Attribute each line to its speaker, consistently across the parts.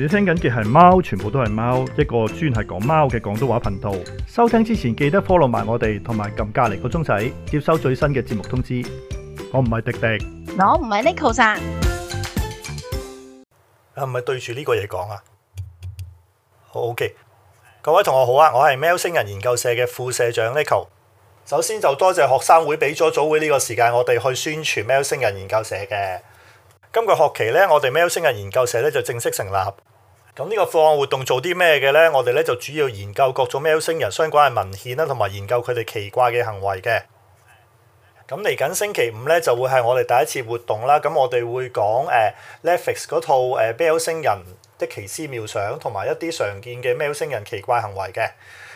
Speaker 1: 你聽緊嘅係貓，全部都係貓，一個專係講貓嘅廣東話頻道。收聽之前記得 follow 埋我哋，同埋撳隔籬個鐘仔，接收最新嘅節目通知。我唔係廸廸，
Speaker 2: 我唔係 Neko 啦
Speaker 1: 係咪對住呢個嘢講啊？ 好嘅、OK，各位同學好啊，我係喵星人研究社嘅副社長 Neko。首先就多謝學生會俾咗早會呢個時間，我哋去宣傳喵星人研究社嘅。今個學期呢，我哋喵星人研究社呢就正式成立。咁呢個課外活動做啲咩嘅咧？我哋咧就主要研究各種喵星人相關嘅文獻啦，同埋研究佢哋奇怪嘅行為嘅。咁嚟緊星期五咧就會係我哋第一次活動啦。咁我哋會講誒 Netflix 嗰套誒喵星人的奇思妙想，同埋一啲常見嘅喵星人奇怪行為嘅。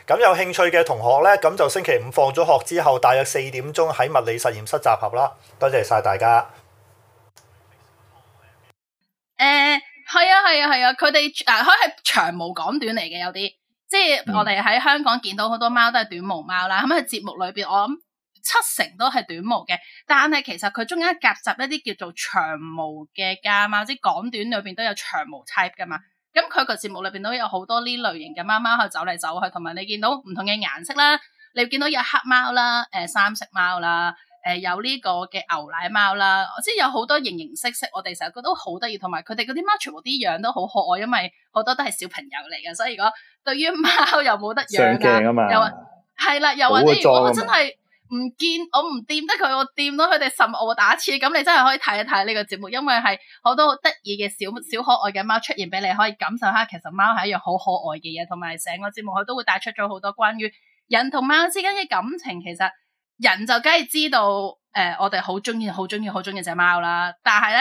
Speaker 1: 咁有興趣嘅同學咧，咁就星期五放咗學之後，大約四點鐘喺物理實驗室集合啦。多謝
Speaker 2: 晒大家。誒、uh。Huh. 係啊係啊係啊，佢哋啊佢係、啊啊啊啊啊啊、長毛港短嚟嘅有啲，即係我哋喺香港見到好多貓都係短毛貓啦。咁、嗯、喺、嗯嗯、節目裏邊我諗七成都係短毛嘅，但係其實佢中間夾雜一啲叫做長毛嘅家貓，即係港短裏邊都有長毛 type 噶嘛。咁、嗯、佢個節目裏邊都有好多呢類型嘅貓貓去走嚟走去，同埋你見到唔同嘅顏色啦，你見到有黑貓啦，誒、呃、三色貓啦。誒、呃，有呢個嘅牛奶貓啦，即係有好多形形色色，我哋成日覺得好得意，同埋佢哋嗰啲貓全部啲樣都好可愛，因為好多都係小朋友嚟噶，所以如果對於貓又冇得養噶、啊說，又係啦，又或者如果我真係唔見、啊、我唔掂得佢，我掂到佢哋實我打次，咁你真係可以睇一睇呢個節目，因為係好多好得意嘅小小可愛嘅貓出現俾你，可以感受下其實貓係一樣好可愛嘅嘢，同埋成個節目佢都會帶出咗好多關於人同貓之間嘅感情，其實。人就梗係知道，誒、呃，我哋好中意、好中意、好中意隻貓啦。但係咧，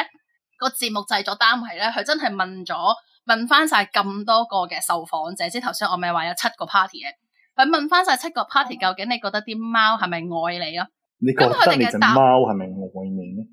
Speaker 2: 這個節目製作單位咧，佢真係問咗問翻晒咁多個嘅受訪者，即係頭先我咪話有七個 party 嘅，佢問翻晒七個 party 究竟你覺得啲貓係咪愛你啊？咁佢哋嘅貓係咪愛你咧？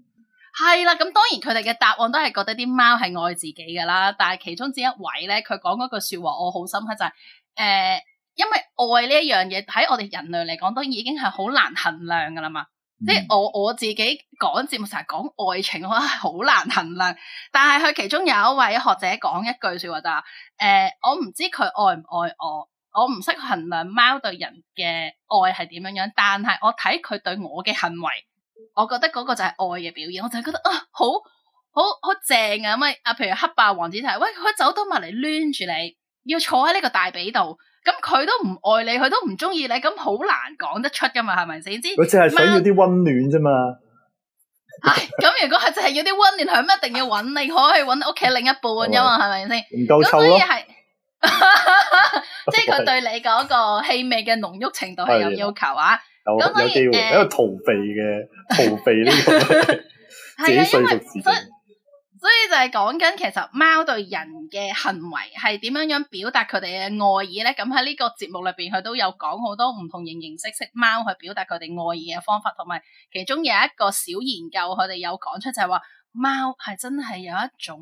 Speaker 2: 係、嗯、啦，咁、嗯、當然佢哋嘅答案都係覺得啲貓係愛自己噶啦。但係其中之一位咧，佢講嗰句說話我好深刻就係、是，誒、呃。因為愛呢一樣嘢喺我哋人類嚟講，都已經係好難衡量噶啦嘛。嗯、即係我我自己講節目成日講愛情，我係好難衡量。但係佢其中有一位學者講一句說話就誒、話呃，我唔知佢愛唔愛我，我唔識衡量貓對人嘅愛係點樣樣。但係我睇佢對我嘅行為，我覺得嗰個就係愛嘅表現。我就係覺得啊，好好好正啊咁啊。阿譬如黑霸王子就係喂，佢走到埋嚟攣住你，要坐喺呢個大髀度。咁佢都唔愛你，佢都唔中意你，咁好難講得出噶嘛？係咪？總知，佢淨係想要
Speaker 1: 啲溫暖啫嘛 、
Speaker 2: 哎。唉，咁如果佢淨係要啲溫暖，佢唔一定要揾你，可以揾屋企另一半啫嘛？係咪先？唔
Speaker 1: 夠多以咯。 即
Speaker 2: 係佢對你嗰個氣味嘅濃郁程度係有，有要求啊？ 有所以有機會，一、呃、個
Speaker 1: 逃避嘅逃避呢個幾歲嘅時間？
Speaker 2: 所以就係講緊其實貓對人嘅行為係點樣樣表達佢哋嘅愛意咧？咁喺呢個節目裏邊佢都有講好多唔同形形色色貓去表達佢哋愛意嘅方法，同埋其中有一個小研究，佢哋有講出就係話貓係真係有一種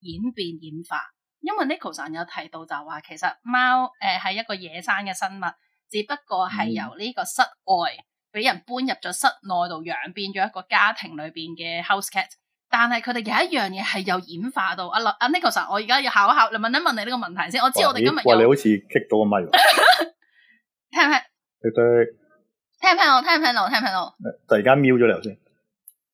Speaker 2: 演變、演化，因為 Neko 神有提到就話其實貓誒係一個野生嘅生物，只不過係由呢個室外俾人搬入咗室內度養，變咗一個家庭裏邊嘅 house cat。但係佢哋有一樣嘢係有演化到阿林阿 Neko 我而家要考一考，你問一問你呢個問題先。我知我哋今日喂你
Speaker 1: 好似 kick 到個咪，聽唔
Speaker 2: 聽？聽聽唔聽到？聽唔聽到？聽唔聽
Speaker 1: 到？突然間瞄咗你頭先。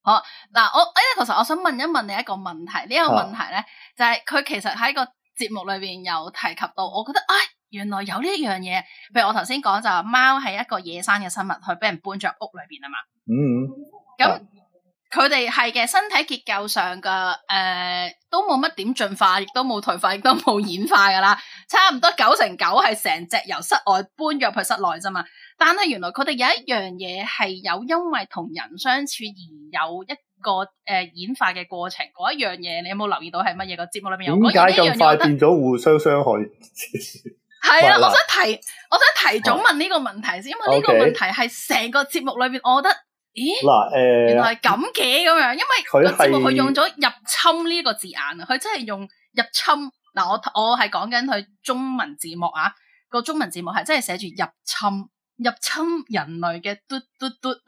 Speaker 2: 好嗱，我阿 Neko 我想問一問你一個問題。呢、這個問題咧，啊、就係佢其實喺個節目裏邊有提及到，我覺得唉、哎，原來有呢樣嘢。譬如我頭先講就係貓係一個野生嘅生物，佢俾人搬咗屋裏邊啊嘛。嗯
Speaker 1: 那嗯。咁
Speaker 2: 佢哋係嘅身體結構上嘅，誒、呃，都冇乜點進化，亦都冇退化，亦都冇演化噶啦。差唔多九成九係成隻由室外搬入去室內啫嘛。但係原來佢哋有一樣嘢係有，因為同人相處而有一個誒演化嘅過程。嗰一樣嘢，你有冇留意到係乜嘢？個節目裏面有？點解咁快變咗
Speaker 1: 互相傷害？
Speaker 2: 係 啦、啊，我想提，我想提早問呢個問題先，因為呢個問題係成個節目裏邊，我覺得。咦嗱
Speaker 1: 誒，啊呃、原來係
Speaker 2: 咁嘅咁樣，因為個節目佢用咗入侵呢一個字眼啊，佢真係用入侵。嗱我我係講緊佢中文字幕啊、個中文字幕係真係寫住入侵，入侵人類嘅嘟，嘟嘟嘟，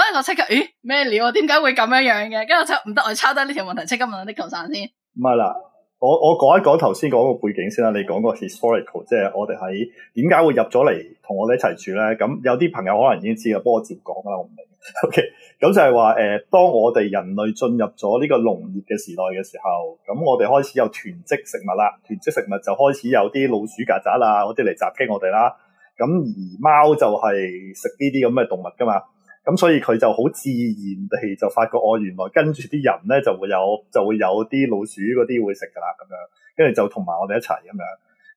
Speaker 2: 一我即刻咦咩料啊？點解會咁樣樣嘅？跟住就唔得，我抄低呢條問題，即刻問下啲群生先。
Speaker 1: 唔係啦，我我講一講頭先講個背景先啦。你講個 historical，即係我哋喺點解會入咗嚟同我哋一齊住咧？咁有啲朋友可能已經知道，幫我接講啦，我唔明。OK，咁就係話，誒、呃，當我哋人類進入咗呢個農業嘅時代嘅時候，咁我哋開始有囤積食物啦，囤積食物就開始有啲老鼠、曱甴啦，嗰啲嚟襲擊我哋啦。咁而貓就係食呢啲咁嘅動物噶嘛，咁所以佢就好自然地就發覺，哦，原來跟住啲人咧就會有，就會有啲老鼠嗰啲會食噶啦，咁樣，跟住就同埋我哋一齊咁樣，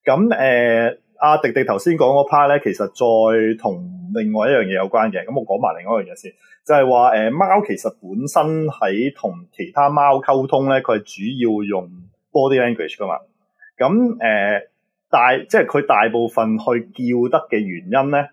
Speaker 1: 咁誒。呃阿、啊、迪迪頭先講嗰 part 咧，其實再同另外一樣嘢有關嘅。咁、嗯、我講埋另外一樣嘢先，就係話誒貓其實本身喺同其他貓溝通咧，佢係主要用 body language 㗎嘛。咁、嗯、誒、呃、大即係佢大部分去叫得嘅原因咧，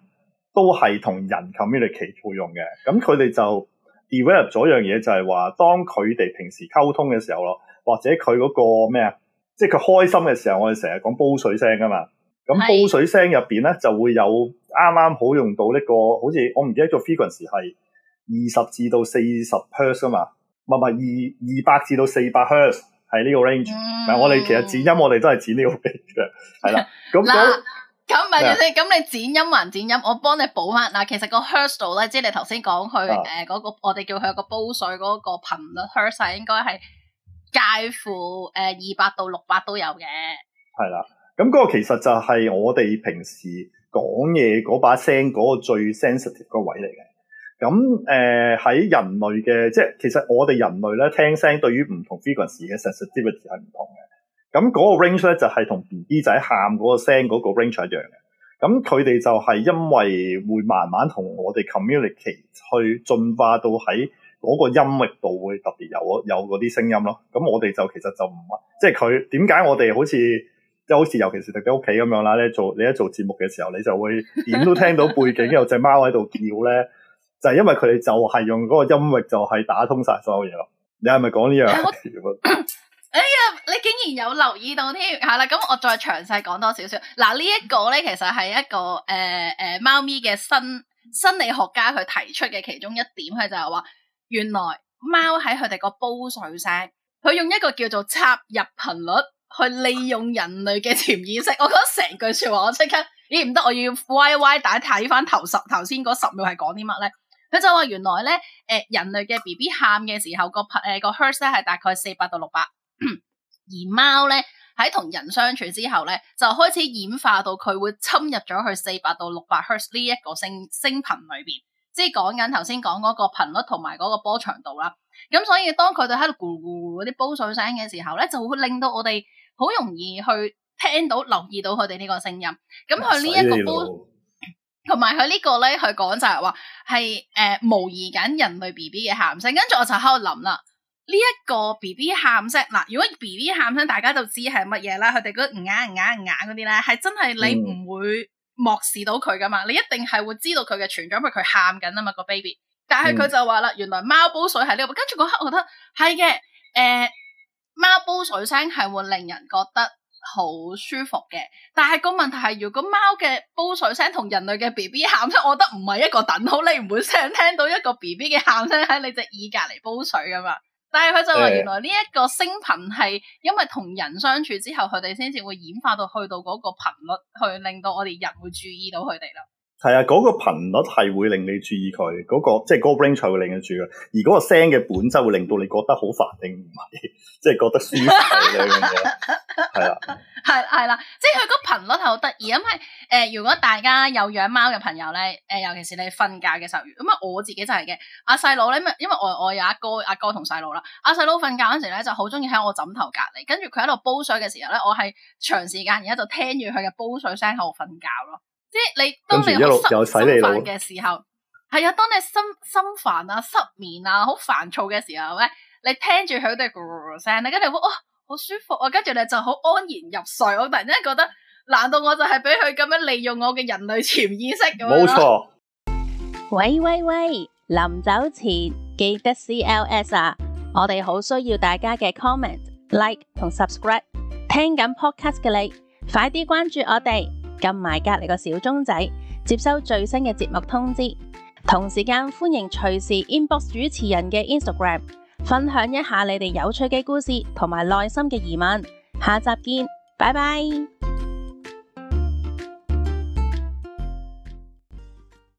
Speaker 1: 都係同人 communicate 用嘅。咁佢哋就 develop 咗一樣嘢，就係、是、話當佢哋平時溝通嘅時候咯，或者佢嗰、那個咩啊，即係佢開心嘅時候，我哋成日講煲水聲㗎嘛。咁煲水聲入邊咧，就會有啱啱好用到呢個，好似我唔記得做 frequency 係二十至到四十 hertz 啊嘛，唔係，唔係二二百至到四百 hertz 係呢個 range，但、嗯、我哋其實剪音，我哋都係剪呢個 range 係啦。咁咁
Speaker 2: 咁唔係先，咁你剪音還剪音，我幫你補翻嗱，其實個 hertz 度咧，即係你頭先講佢誒個，我哋叫佢個煲水嗰個頻率 hertz 喇應該係介乎誒二百到六百都有嘅，
Speaker 1: 係啦。咁嗰個其實就係我哋平時講嘢嗰把聲嗰個最 sensitive 個位嚟嘅。咁誒喺人類嘅，即係其實我哋人類咧聽聲對於唔同 frequency 嘅 sensitivity 係唔同嘅。咁、那、嗰個 range 咧就係、是、同 B B 仔喊嗰個聲嗰個 range 一樣嘅。咁佢哋就係因為會慢慢同我哋 communicate 去進化到喺嗰個音域度會特別有嗰有啲聲音咯。咁我哋就其實就唔係即係佢點解我哋好似好似尤其是特登喺屋企咁樣啦，咧做你一做節目嘅時候，你就會點都聽到背景有隻貓喺度叫咧， 就係因為佢哋就係用嗰個音域，就係打通晒所有嘢咯。你係咪講呢樣？ 哎
Speaker 2: 呀，你竟然有留意到添、這個，係、嗯、啦。咁我再詳細講多少少。嗱，這個、呢一個咧，其實係一個誒誒、呃呃、貓咪嘅新心理學家佢提出嘅其中一點，佢就係話，原來貓喺佢哋個煲水聲，佢用一個叫做插入頻率。去利用人類嘅潛意識，我覺得成句說話，我即刻，咦唔得，我要歪歪。大家睇翻頭十頭先嗰十秒係講啲乜咧？佢就話原來咧，誒、呃、人類嘅 B B 喊嘅時候個誒、呃、個 Hertz 咧係大概四百到六百， 而貓咧喺同人相處之後咧，就開始演化到佢會侵入咗去四百到六百 Hertz 呢一個聲聲頻裏邊，即係講緊頭先講嗰個頻率同埋嗰個波長度啦。咁所以當佢哋喺度咕咕嗰啲煲水聲嘅時候咧，就會令到我哋。好容易去聽到、留意到佢哋呢個聲音，咁佢呢一個煲，同埋佢呢個咧，佢講就係話係誒模擬緊人類 B B 嘅喊聲，跟住我就喺度諗啦。呢一個 B B 喊聲，嗱如果 B B 喊聲，大家就知係乜嘢啦。佢哋嗰唔啞唔啞唔啞嗰啲咧，係真係你唔會漠視到佢噶嘛，你一定係會知道佢嘅存在，因為佢喊緊啊嘛個 baby。但係佢就話啦，原來貓煲水係呢個，跟住嗰刻我覺得係嘅，誒。貓煲水聲係會令人覺得好舒服嘅，但係個問題係，如果貓嘅煲水聲同人類嘅 BB 喊聲，我覺得唔係一個等號。你唔會想聽到一個 BB 嘅喊聲喺你隻耳隔籬煲水噶嘛？但係佢就話，原來呢一個聲頻係因為同人相處之後，佢哋先至會演化到去到嗰個頻率，去令到我哋人會注意到佢哋啦。
Speaker 1: 係啊，嗰個頻率係會令你注意佢嗰個，即係高 bring 才會令你注意佢，而嗰個聲嘅本質會令到你覺得好煩定唔係，即係覺得舒服嘅咁嘅嘢。
Speaker 2: 係啦，係係啦，即係佢嗰個頻率係好得意，因為誒、呃，如果大家有養貓嘅朋友咧，誒，尤其是你瞓覺嘅時候，咁啊，我自己就係嘅。阿細佬咧，因為我我有阿哥阿哥同細佬啦，阿細佬瞓覺嗰陣時咧，就好中意喺我枕頭隔離，跟住佢喺度煲水嘅時候咧，我係長時間而家就聽住佢嘅煲水聲喺度瞓覺咯。即係你當你一路有洗你煩嘅時候，係啊，當你心心煩啊、失眠啊、好煩躁嘅時候咧，你聽住佢哋嘅聲，呃、聲你跟住會哦好舒服啊，跟住你就好安然入睡。我突然間覺得，難道我就係俾佢咁樣利用我嘅人類潛意識咁樣冇錯。錯喂喂喂，臨走前記得 CLS 啊！我哋好需要大家嘅 comment、like 同 subscribe。聽緊 podcast 嘅你，快啲關注我哋。撳埋隔籬個小鐘仔，接收最新嘅節目通知。同時間歡迎隨時 inbox 主持人嘅 Instagram，分享一下你哋有趣嘅故事同埋內心嘅疑問。下集見，拜拜。